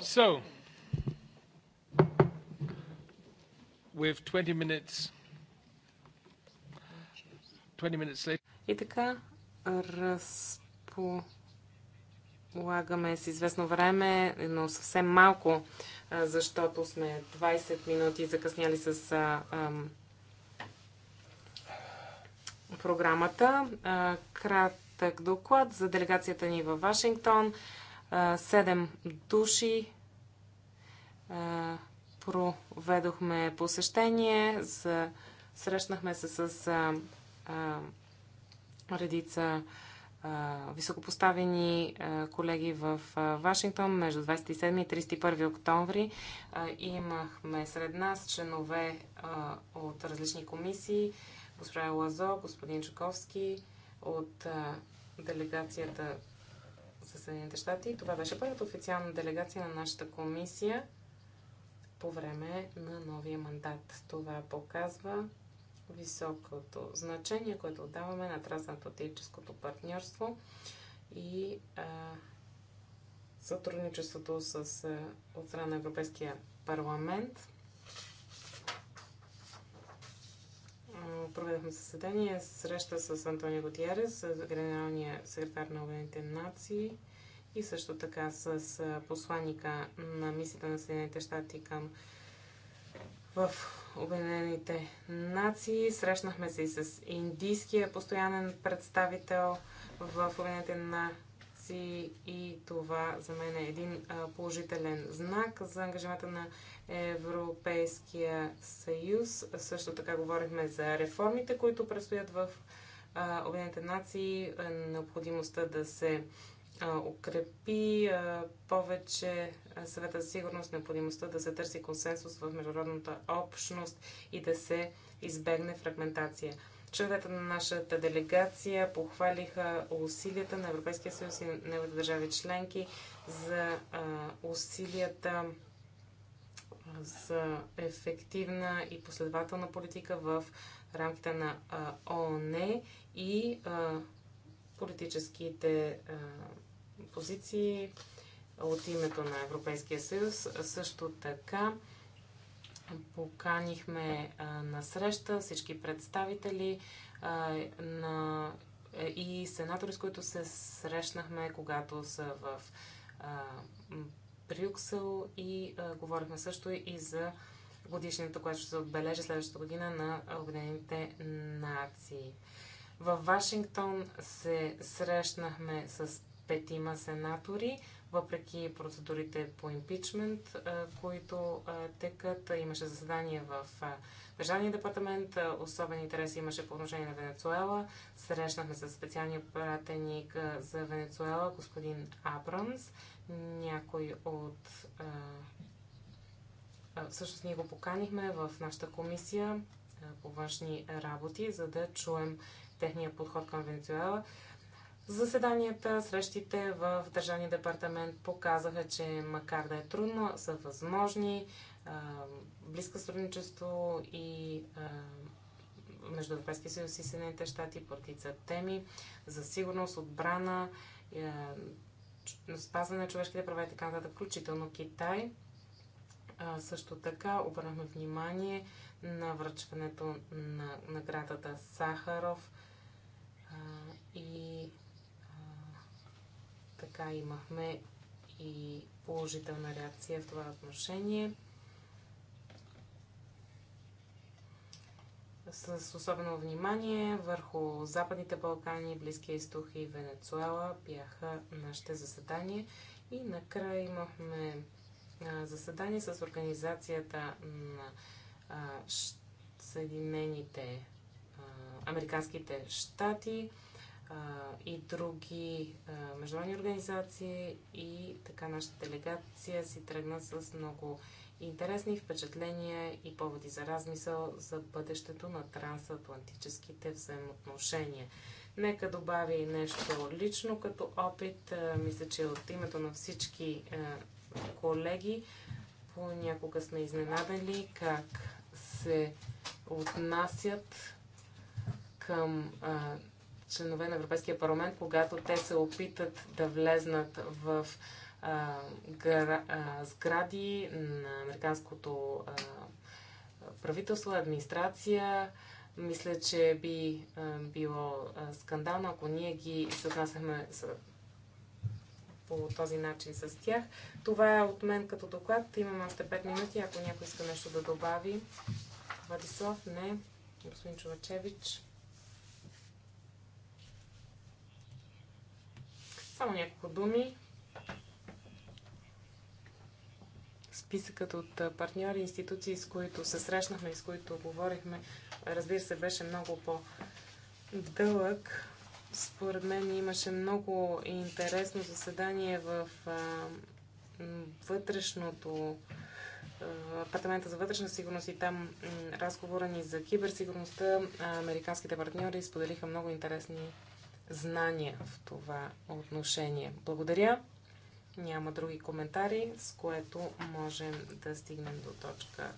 So, we have 20 minutes. 20 minutes later. И така, разполагаме с известно време, но съвсем малко, защото сме 20 минути закъсняли с програмата. кратък доклад за делегацията ни във Вашингтон. 7 души. Проведохме посещение, за... срещнахме се с а, а, редица а, високопоставени а, колеги в а, Вашингтон между 27 и 31 октомври. А, имахме сред нас членове а, от различни комисии, госпожа Лазо, господин Чуковски от а, делегацията за Съединените щати. Това беше първата официална делегация на нашата комисия по време на новия мандат. Това показва високото значение, което отдаваме на трансатлантическото партньорство и а, сътрудничеството с, а, от страна на Европейския парламент проведохме съседание, среща с Антонио Готиерес, генералния секретар на Обединените нации и също така с посланника на мисията на Съединените щати към в Обединените нации. Срещнахме се и с индийския постоянен представител в Обединените нации си и това за мен е един положителен знак за ангажимата на Европейския съюз. Също така говорихме за реформите, които предстоят в Обединените нации, е, необходимостта да се укрепи повече съвета за сигурност, необходимостта да се търси консенсус в международната общност и да се избегне фрагментация. Членовете на нашата делегация похвалиха усилията на Европейския съюз и неговите държави членки за а, усилията за ефективна и последователна политика в рамките на а, ООН и а, политическите а, позиции от името на Европейския съюз. Също така поканихме на среща всички представители на, е, и сенатори, с които се срещнахме, когато са в Брюксел и говорихме също и за годишната, която ще се отбележи следващата година на Обединените нации. В Вашингтон се срещнахме с петима сенатори, въпреки процедурите по импичмент, които текат. Имаше заседание в Държавния департамент. Особен интерес имаше по отношение на Венецуела. Срещнахме се с специалния пратеник за Венецуела, господин Абрамс. Някой от... Всъщност ние го поканихме в нашата комисия по външни работи, за да чуем техния подход към Венецуела. Заседанията, срещите в Държавния департамент показаха, че макар да е трудно, са възможни близко сътрудничество и между Европейския съюз и Съединените щати по теми за сигурност, отбрана, спазване на човешките права и така нататък, включително Китай. също така обърнахме внимание на връчването на наградата Сахаров така имахме и положителна реакция в това отношение. С особено внимание върху Западните Балкани, Близкия изток и Венецуела бяха нашите заседания. И накрая имахме заседание с Организацията на Съединените Американските щати и други международни организации и така нашата делегация си тръгна с много интересни впечатления и поводи за размисъл за бъдещето на трансатлантическите взаимоотношения. Нека добави нещо лично като опит. Мисля, че от името на всички колеги понякога сме изненадали как се отнасят към членове на Европейския парламент, когато те се опитат да влезнат в а, гра, а, сгради на американското а, правителство, администрация. Мисля, че би а, било а, скандално, ако ние ги се отнасяхме с, по този начин с тях. Това е от мен като доклад. Имам още 5 минути, ако някой иска нещо да добави. Владислав, не. Господин Чувачевич. Само няколко думи. Списъкът от партньори, институции, с които се срещнахме и с които говорихме, разбира се, беше много по-дълъг. Според мен имаше много интересно заседание в вътрешното апартамента за вътрешна сигурност и там разговора ни за киберсигурността. Американските партньори споделиха много интересни знания в това отношение. Благодаря. Няма други коментари, с което можем да стигнем до точка